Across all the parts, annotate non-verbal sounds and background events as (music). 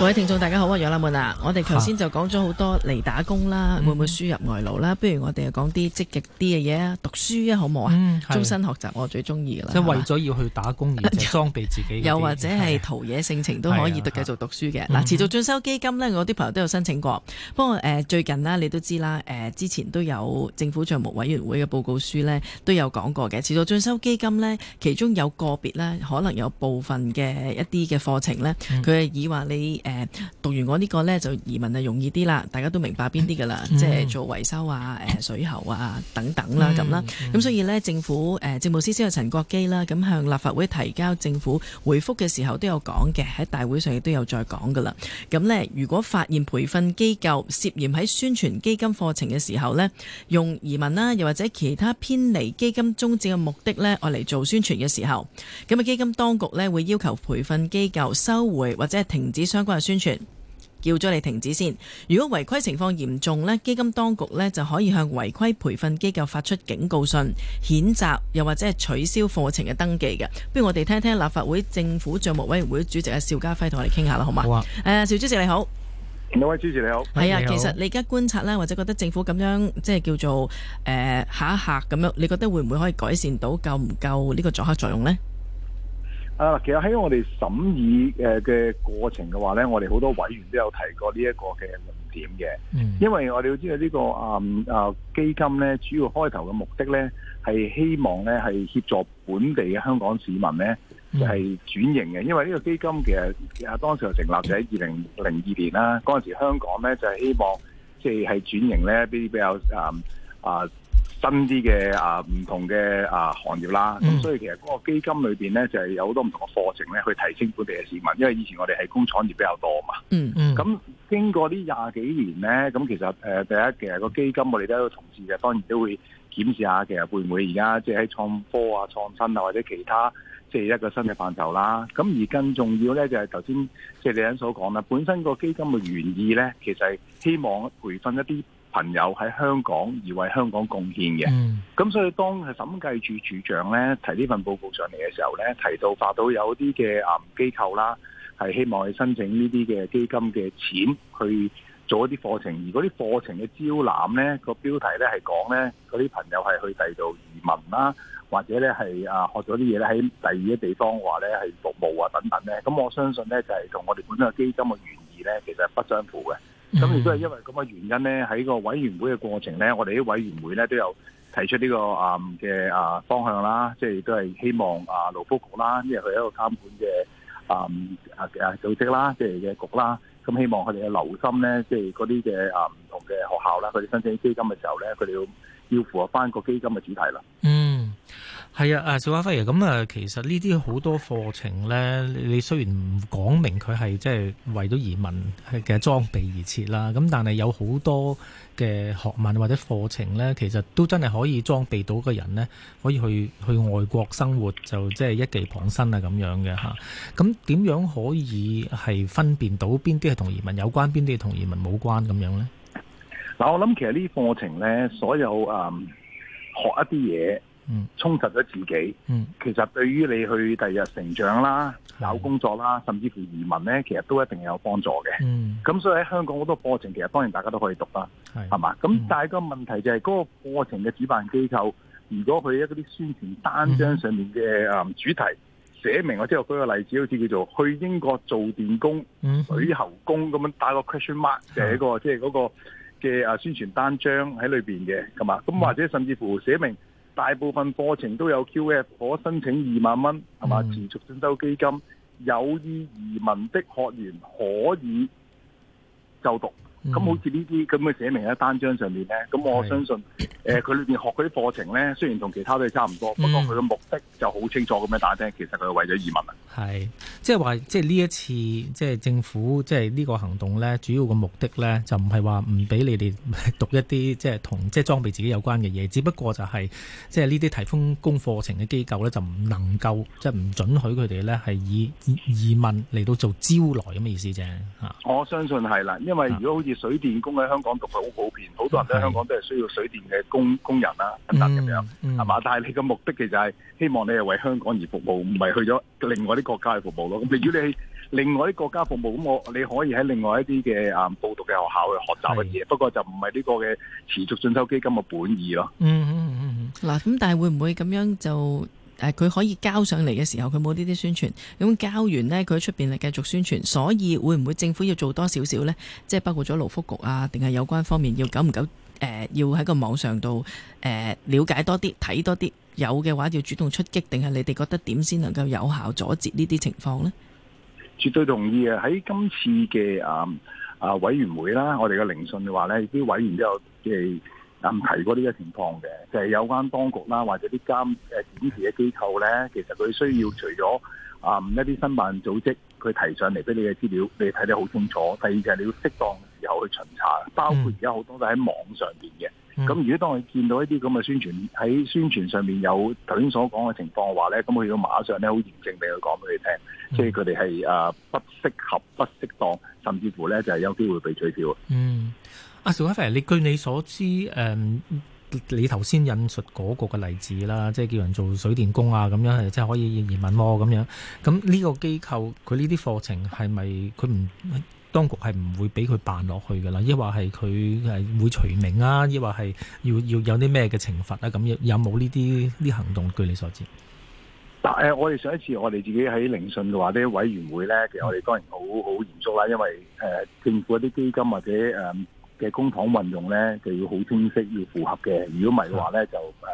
各位聽眾，大家好啊！楊立門啊，我哋頭先就講咗好多嚟打工啦，啊、會唔會輸入外勞啦？嗯、不如我哋講講啲積極啲嘅嘢啊，讀書啊，好唔好啊！嗯，終身學習我最中意啦。即為為咗要去打工而、啊、裝備自己。又或者係陶冶性情、啊、都可以繼繼續讀書嘅嗱、啊啊啊。持續進修基金呢，我啲朋友都有申請過。不、嗯、過最近啦、啊，你都知啦、啊，之前都有政府帳目委員會嘅報告書呢都有講過嘅持續進修基金呢，其中有個別咧，可能有部分嘅一啲嘅課程呢，佢係以話你。嗯誒讀完我、這、呢個呢，就移民就容易啲啦，大家都明白邊啲噶啦，即係做維修啊、水喉啊等等啦咁啦。咁、嗯嗯、所以呢，政府、呃、政務司司長陳國基啦，咁向立法會提交政府回覆嘅時候都有講嘅，喺大會上亦都有再講噶啦。咁呢，如果發現培訓機構涉嫌喺宣傳基金課程嘅時候呢，用移民啦、啊，又或者其他偏離基金宗旨嘅目的呢，我嚟做宣傳嘅時候，咁啊基金當局呢會要求培訓機構收回或者係停止相關。宣傳叫咗你停止先。如果違規情況嚴重呢，基金當局呢就可以向違規培訓機構發出警告信、譴責，又或者係取消課程嘅登記嘅。不如我哋聽一聽立法會政府賬目委員會主席啊邵家輝同我哋傾下啦，好嗎？好啊。誒、呃，邵主席你好。兩位主持你好。係啊，其實你而家觀察呢，或者覺得政府咁樣即係叫做誒、呃、吓一吓咁樣，你覺得會唔會可以改善到夠唔夠呢個阻嚇作用呢？啊，其實喺我哋審議誒嘅過程嘅話咧，我哋好多委員都有提過呢一個嘅論點嘅，因為我哋要知道呢、這個、嗯、啊啊基金咧，主要開頭嘅目的咧係希望咧係協助本地嘅香港市民咧係、就是、轉型嘅，因為呢個基金其實啊當時就成立就喺二零零二年啦，嗰陣時香港咧就係、是、希望即係係轉型咧啲比較啊、嗯、啊。新啲嘅啊，唔同嘅啊行業啦，咁、嗯、所以其實嗰個基金裏面咧，就係有好多唔同嘅課程咧，去提升本地嘅市民。因為以前我哋係工廠業比較多嘛，咁、嗯嗯、經過呢廿幾年咧，咁其實誒第一，其實個基金我哋啲同事嘅，當然都會檢視下，其實會唔會而家即係創科啊、創新啊或者其他即係一個新嘅範疇啦。咁而更重要咧，就係頭先即係李欣所講啦，本身個基金嘅原意咧，其實係希望培訓一啲朋友喺香港而為香港貢獻嘅，咁所以當審計署署長咧提呢份報告上嚟嘅時候咧，提到發到有啲嘅啊機構啦，係希望去申請呢啲嘅基金嘅錢去做一啲課程，而嗰啲課程嘅招攬咧個標題咧係講咧嗰啲朋友係去第二度移民啦，或者咧係啊學咗啲嘢，咧喺第二嘅地方話咧係服務啊等等咧，咁我相信咧就係同我哋本身嘅基金嘅原意咧其實係不相符嘅。咁亦都係因為咁嘅原因咧，喺個委員會嘅過程咧，我哋啲委員會咧都有提出呢、這個啊嘅啊方向啦，即係都係希望啊勞福局啦、嗯啊，即係佢一個監管嘅啊啊組織啦，即係嘅局啦，咁希望佢哋嘅留心咧，即係嗰啲嘅啊唔同嘅學校啦，佢哋申請基金嘅時候咧，佢哋要要符合翻個基金嘅主題啦。係啊，啊邵家輝啊，咁啊，其實呢啲好多課程咧，你雖然唔講明佢係即係為咗移民嘅裝備而設啦，咁但係有好多嘅學問或者課程咧，其實都真係可以裝備到個人咧，可以去去外國生活，就即係一技傍身啊咁樣嘅嚇。咁點樣可以係分辨到邊啲係同移民有關，邊啲係同移民冇關咁樣咧？嗱，我諗其實呢課程咧，所有嗯學一啲嘢。嗯、充實咗自己、嗯，其實對於你去第日成長啦、有、嗯、工作啦，甚至乎移民咧，其實都一定係有幫助嘅。咁、嗯、所以喺香港好多課程，其實當然大家都可以讀啦，係嘛？咁、嗯、但係個問題就係嗰個課程嘅主辦機構，如果佢一嗰啲宣傳單張上面嘅、嗯嗯、主題寫明，我即係舉個例子，好似叫做去英國做電工、嗯、水喉工咁樣，打個 question mark，寫、個即係嗰個嘅宣傳單張喺裏邊嘅，係嘛？咁或者甚至乎寫明。大部分課程都有 QF，可申請二萬蚊，係嘛，持續進修基金，有意移民的學員可以就讀。咁好似呢啲咁嘅寫明喺單張上面咧，咁我相信誒佢裏邊學嗰啲課程咧，雖然同其他都係差唔多，不過佢嘅目的就好清楚咁樣打聽，其實佢係為咗移民。係、就是，即係話，即係呢一次，即係政府，即係呢個行動咧，主要嘅目的咧，就唔係話唔俾你哋讀一啲即係同即係裝備自己有關嘅嘢，只不過就係、是、即係呢啲提供供課程嘅機構咧，就唔能夠即係唔准許佢哋咧係以移民嚟到做招徠咁嘅意思啫。嚇！我相信係啦，因為如果好。水電工喺香港讀係好普遍，好多人都喺香港都係需要水電嘅工工人啦，等等咁樣，係嘛？但係你嘅目的其實係希望你係為香港而服務，唔係去咗另外啲國家去服務咯。咁如果你喺另外啲國家服務，咁我你可以喺另外一啲嘅啊，報讀嘅學校去學習嘅嘢，不過就唔係呢個嘅持續進修基金嘅本意咯。嗯嗯嗯嗯，嗱，咁但係會唔會咁樣就？誒佢可以交上嚟嘅時候，佢冇呢啲宣傳，咁交完呢，佢喺出邊呢繼續宣傳，所以會唔會政府要做多少少呢？即係包括咗勞福局啊，定係有關方面要夠唔夠誒？要喺個網上度誒、呃、了解多啲，睇多啲，有嘅話要主動出擊，定係你哋覺得點先能夠有效阻截呢啲情況呢？絕對同意啊！喺今次嘅啊啊委員會啦，我哋嘅聆訊嘅話呢，啲、呃、委員都有。即係。唔提過呢個情況嘅，就係、是、有關當局啦，或者啲監誒檢視嘅機構咧，其實佢需要除咗啊、嗯、一啲新辦組織，佢提上嚟俾你嘅資料，你睇得好清楚。第二就係你要適當嘅時候去巡查，包括而家好多都喺網上面嘅。咁、嗯、如果當你見到一啲咁嘅宣傳喺宣傳上面有頭先所講嘅情況嘅話咧，咁佢要馬上咧好嚴正地去講俾你聽，即係佢哋係啊不適合、不適當，甚至乎咧就係有機會被取消。嗯。阿小威，你據你所知，誒、嗯，你頭先引述嗰個嘅例子啦，即係叫人做水電工啊，咁樣係即係可以移民咯，咁樣，咁呢個機構佢呢啲課程係咪佢唔當局係唔會俾佢辦落去噶啦？抑或係佢係會除名啊？抑或係要要有啲咩嘅懲罰啊？咁有有冇呢啲呢行動？據你所知，嗱，誒、呃，我哋上一次我哋自己喺聆訊嘅話呢委員會咧，其實我哋當然好好嚴肅啦，因為誒政府啲基金或者誒。呃嘅公帑運用咧就要好清晰，要符合嘅。如果唔係嘅話咧，就誒、呃、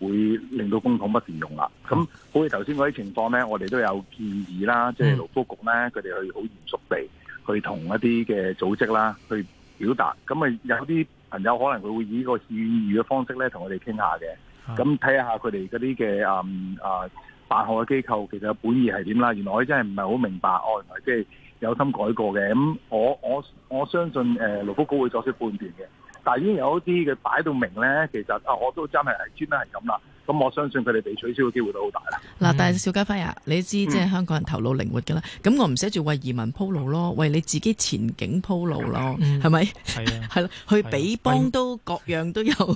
會令到公帑不善用啦。咁好似頭先嗰啲情況咧，我哋都有建議啦，即係勞福局咧，佢哋去好嚴肅地去同一啲嘅組織啦，去表達。咁啊，有啲朋友可能佢會以個意願嘅方式咧，同我哋傾下嘅。咁睇下佢哋嗰啲嘅嗯啊、呃、辦學嘅機構其實本意係點啦？原來我真係唔係好明白，哦，原來即係。有心改過嘅，咁、嗯、我我我相信誒勞福局會作出判斷嘅。但係已經有一啲嘅擺到明咧，其實啊我都真係嚟專登係咁啦。咁我相信佢哋被取消嘅機會都好大啦。嗱，但係邵家輝啊，你知即係香港人頭腦靈活㗎啦。咁我唔寫住為移民鋪路咯，為你自己前景鋪路咯，係咪？係啊。係咯，去比幫都各樣都有誒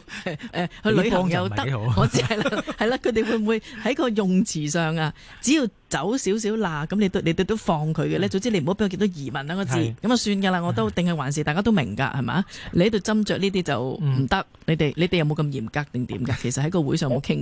誒，去旅行又得。我知係係啦，佢哋會唔會喺個用詞上啊？只要走少少嗱，咁你都你都都放佢嘅咧。總之你唔好俾我見到移民兩個字，咁啊算㗎啦。我都定係還是大家都明㗎，係嘛？你喺度斟酌呢啲就唔得。你哋你哋有冇咁嚴格定點㗎？其實喺個會上冇傾。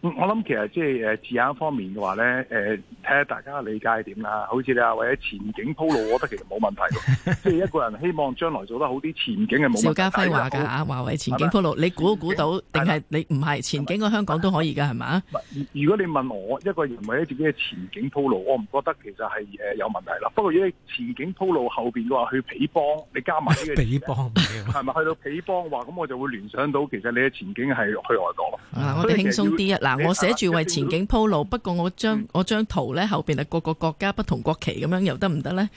我諗其實即係誒字眼方面嘅話咧，誒睇下大家理解點啦。好似你話，或者前景鋪路，我覺得其實冇問題。即 (laughs) 係一個人希望將來做得好啲，前景係冇問題。邵家輝話噶啊，華為前景鋪路，你估估到？定係你唔係前景？嘅香港都可以噶係嘛？如果你問我一個人為咗自己嘅前景鋪路，我唔覺得其實係誒有問題啦。不過如果前景鋪路後邊嘅話去彼邦，你加埋呢個彼 (laughs) 邦係咪？去到彼邦話咁，我就會聯想到其實你嘅前景係去外國。嗱、啊，我哋輕鬆啲啦。嗱，我寫住為前景鋪路，不過我將我將圖咧後邊係各個國家不同國旗咁樣又得唔得咧？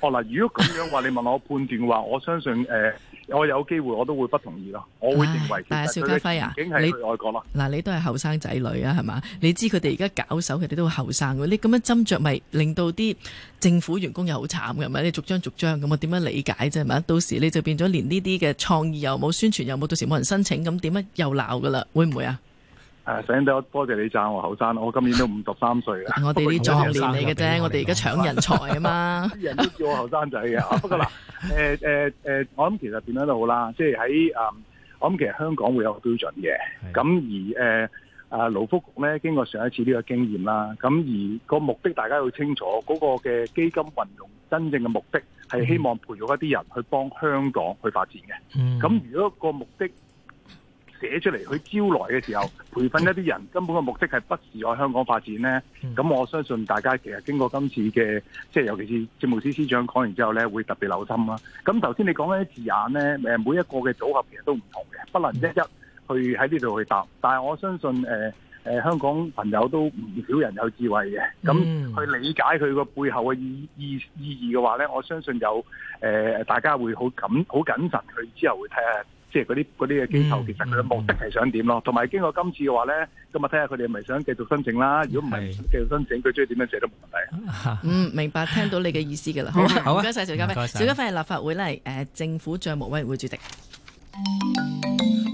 哦嗱，如果咁樣話，你問我判斷話，我相信誒，我有機會我都會不同意咯。我會認為，但係邵家輝啊，你外國咯？嗱，你都係後生仔女啊，係嘛？你知佢哋而家搞手，佢哋都後生嘅。你咁樣斟酌，咪令到啲政府員工又好慘嘅，係咪？你逐張逐張咁，我點樣理解啫？係咪？到時你就變咗連呢啲嘅創意又冇宣傳又冇，到時冇人申請，咁點樣又鬧噶啦？會唔會啊？誒、啊，醒得，多謝你讚我後生，我今年都五十三歲啦。我哋啲壯年嚟嘅啫，我哋而家搶人才啊嘛。啲 (laughs) 人都叫我後生仔嘅。 (laughs) 不過嗱，誒誒誒，我諗其實點樣都好啦，即係喺誒，我諗其實香港會有個標準嘅。咁而誒，啊、呃，勞福局咧經過上一次呢個經驗啦。咁而個目的大家要清楚，嗰個嘅基金運用真正嘅目的係希望培育一啲人去幫香港去發展嘅。咁、嗯、如果個目的，寫出嚟去招來嘅時候，培訓一啲人根本嘅目的係不是喺香港發展呢，咁、嗯、我相信大家其實經過今次嘅，即係尤其是政務司司長講完之後呢，會特別留心啦、啊。咁頭先你講嗰啲字眼呢，誒每一個嘅組合其實都唔同嘅，不能一一去喺呢度去答。嗯、但係我相信誒誒、呃、香港朋友都唔少人有智慧嘅，咁去理解佢個背後嘅意意意義嘅話呢，我相信有誒、呃、大家會好感、好謹慎佢之後會睇下。即係嗰啲嗰啲嘅機構，其實佢嘅目的係想點咯？同埋經過今次嘅話咧，咁啊睇下佢哋係咪想繼續申請啦？如果唔係想繼續申請，佢中意點樣寫都冇問題。嗯，明白，聽到你嘅意思嘅啦。好啊，唔該曬邵家輝，邵家輝係立法會咧，誒政府帳目委員會主席。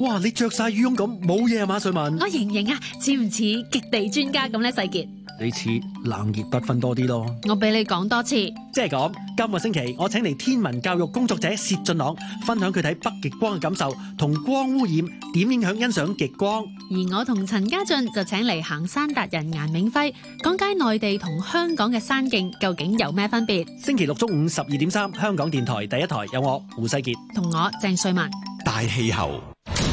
哇！你著曬羽絨咁，冇嘢啊，馬瑞文。我型型啊，似唔似極地專家咁咧？世傑。你似冷熱不分多啲咯，我俾你講多次，即係講今個星期我請嚟天文教育工作者薛俊朗分享佢睇北極光嘅感受同光污染點影響欣賞極光，而我同陳家俊就請嚟行山達人顏明輝講解內地同香港嘅山徑究竟有咩分別。星期六中午十二點三，香港電台第一台有我胡世杰同我鄭瑞文。大氣候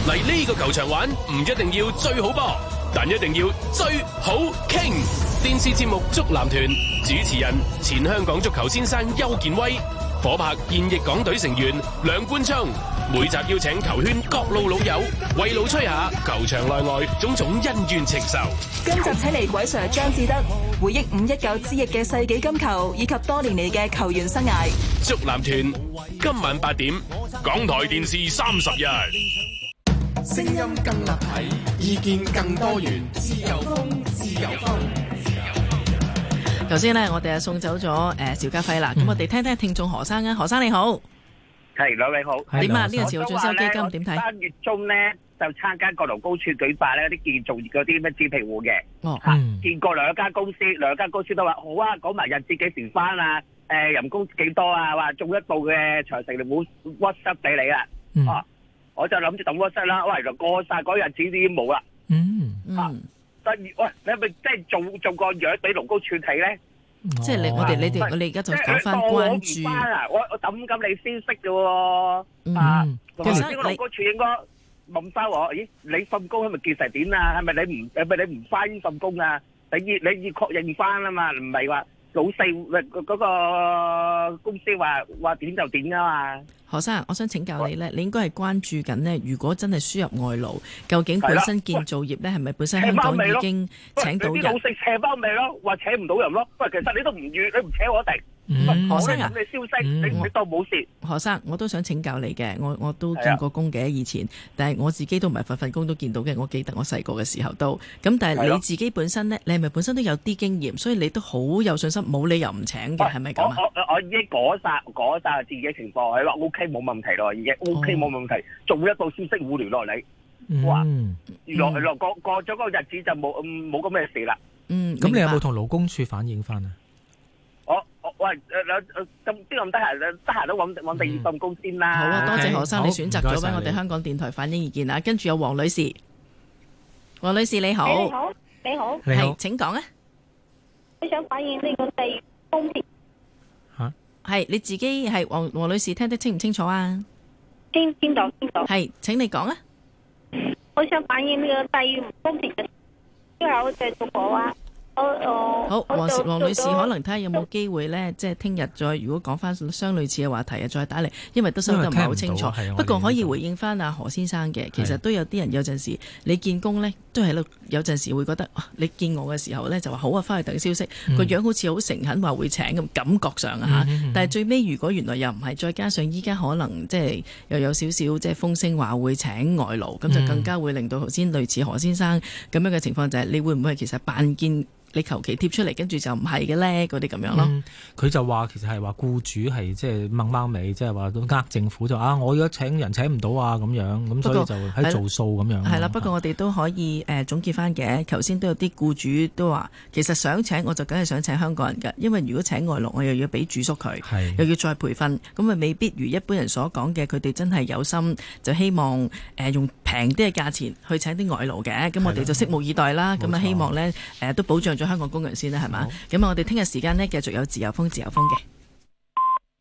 嚟呢個球場玩唔一定要最好波，但一定要最好傾。電視節目《足籃團》主持人前香港足球先生邱建威，火拍現役港隊成員梁冠冲，每集邀請球圈各路老友為老吹下球場內外種種恩怨情仇。今集請嚟鬼 Sir 張志德回憶五一九之役嘅世紀金球，以及多年嚟嘅球員生涯。足籃團今晚八點，港台電視三十日。聲音更立體，意見更多元，自由風，自由風。頭先咧，我哋啊送走咗誒邵家輝啦。咁我哋聽聽聽眾何生啊，何生你好，係兩位好。點啊？呢個持續進修基金點睇？三月中咧就參加國勞高處舉辦咧啲建造業嗰啲乜紙皮戶嘅，嚇見過兩間公司，兩間公司都話好啊，講埋日子幾時翻啊？誒人工幾多啊？話做一部嘅長城就冇 WhatsApp 俾你啦。哦，我就諗住等 WhatsApp 啦。喂，過晒嗰日子已經冇啦。嗯嗯。第二，喂，你係咪即係做做個樣俾龍高處睇咧？即係你，我哋你哋我哋而家就講翻關注啊！我我等緊你消息嘅喎啊！其實呢個龍高處應該問返我。咦，你份工係咪其實點啊？係咪你唔係咪你唔翻份工啊？你要你要確認翻啊嘛，唔係話老細嗰嗰個公司話話點就點啊嘛。何生，我想請教你呢，你應該係關注緊呢。如果真係輸入外勞，究竟本身建造業呢係咪本身香港已經請到人？請包咪咯，話請唔到人咯？喂，其實你都唔預，你唔請我哋？何生啊，你消息，你唔當冇事。何生，我都想請教你嘅，我我都見過工嘅以前，但係我自己都唔係份份工都見到嘅。我記得我細個嘅時候都咁，但係你自己本身呢，你係咪本身都有啲經驗，所以你都好有信心，冇理由唔請嘅，係咪咁啊？我我已經講曬講曬自己嘅情況，係話 OK。冇問題咯，已經 OK，冇問題，做一到消息互聯落嚟，哇！來來過過咗個日子就冇冇咁咩事啦。嗯，咁你有冇同勞工處反映返啊？我我喂，兩咁邊咁得閒，得閒都搵搵第二份工先啦。好啊，多謝何生你選擇咗俾我哋香港電台反映意見啊。跟住有黃女士，黃女士你好，你好，你好，係，請講啊。你想反映呢個地方？係你自己係黃黃女士聽得清唔清楚啊？聽到，聽到。係，請你講啊！我想反映呢個低風險嘅，因為我再做保安啊。Uh-oh. 好王，王女士，Uh-oh. 可能睇下有冇機會呢？即係聽日再如果講翻相類似嘅話題啊，再打嚟，因為都收得唔係好清楚。不，不過可以回應翻阿何先生嘅。其實都有啲人有陣時你見工呢，都係有陣時會覺得，啊、你見我嘅時候呢，就話好啊，翻去等消息，個、嗯、樣好似好誠懇，話會請咁，感覺上啊吓、嗯嗯嗯。但係最尾，如果原來又唔係，再加上依家可能即係又有少少即係風聲話會請外勞，咁、嗯、就更加會令到頭先類似何先生咁樣嘅情況就係、是、你會唔會其實扮見？你求其貼出嚟，跟住就唔係嘅咧，嗰啲咁樣咯。佢、嗯、就話其實係話僱主係即係掹貓尾，即係話都呃政府就啊，我而家請人請唔到啊咁樣，咁所以就喺做數咁樣。係啦，不過我哋都可以誒、呃、總結翻嘅。頭先都有啲僱主都話，其實想請我就梗係想請香港人嘅，因為如果請外勞，我又要俾住宿佢，又要再培訓，咁啊未必如一般人所講嘅，佢哋真係有心就希望、呃、用平啲嘅價錢去請啲外勞嘅。咁我哋就拭目以待啦。咁啊希望咧、呃、都保障。香港工人先啦，係嘛？咁啊，我哋聽日時間咧，繼續有自由風，自由風嘅。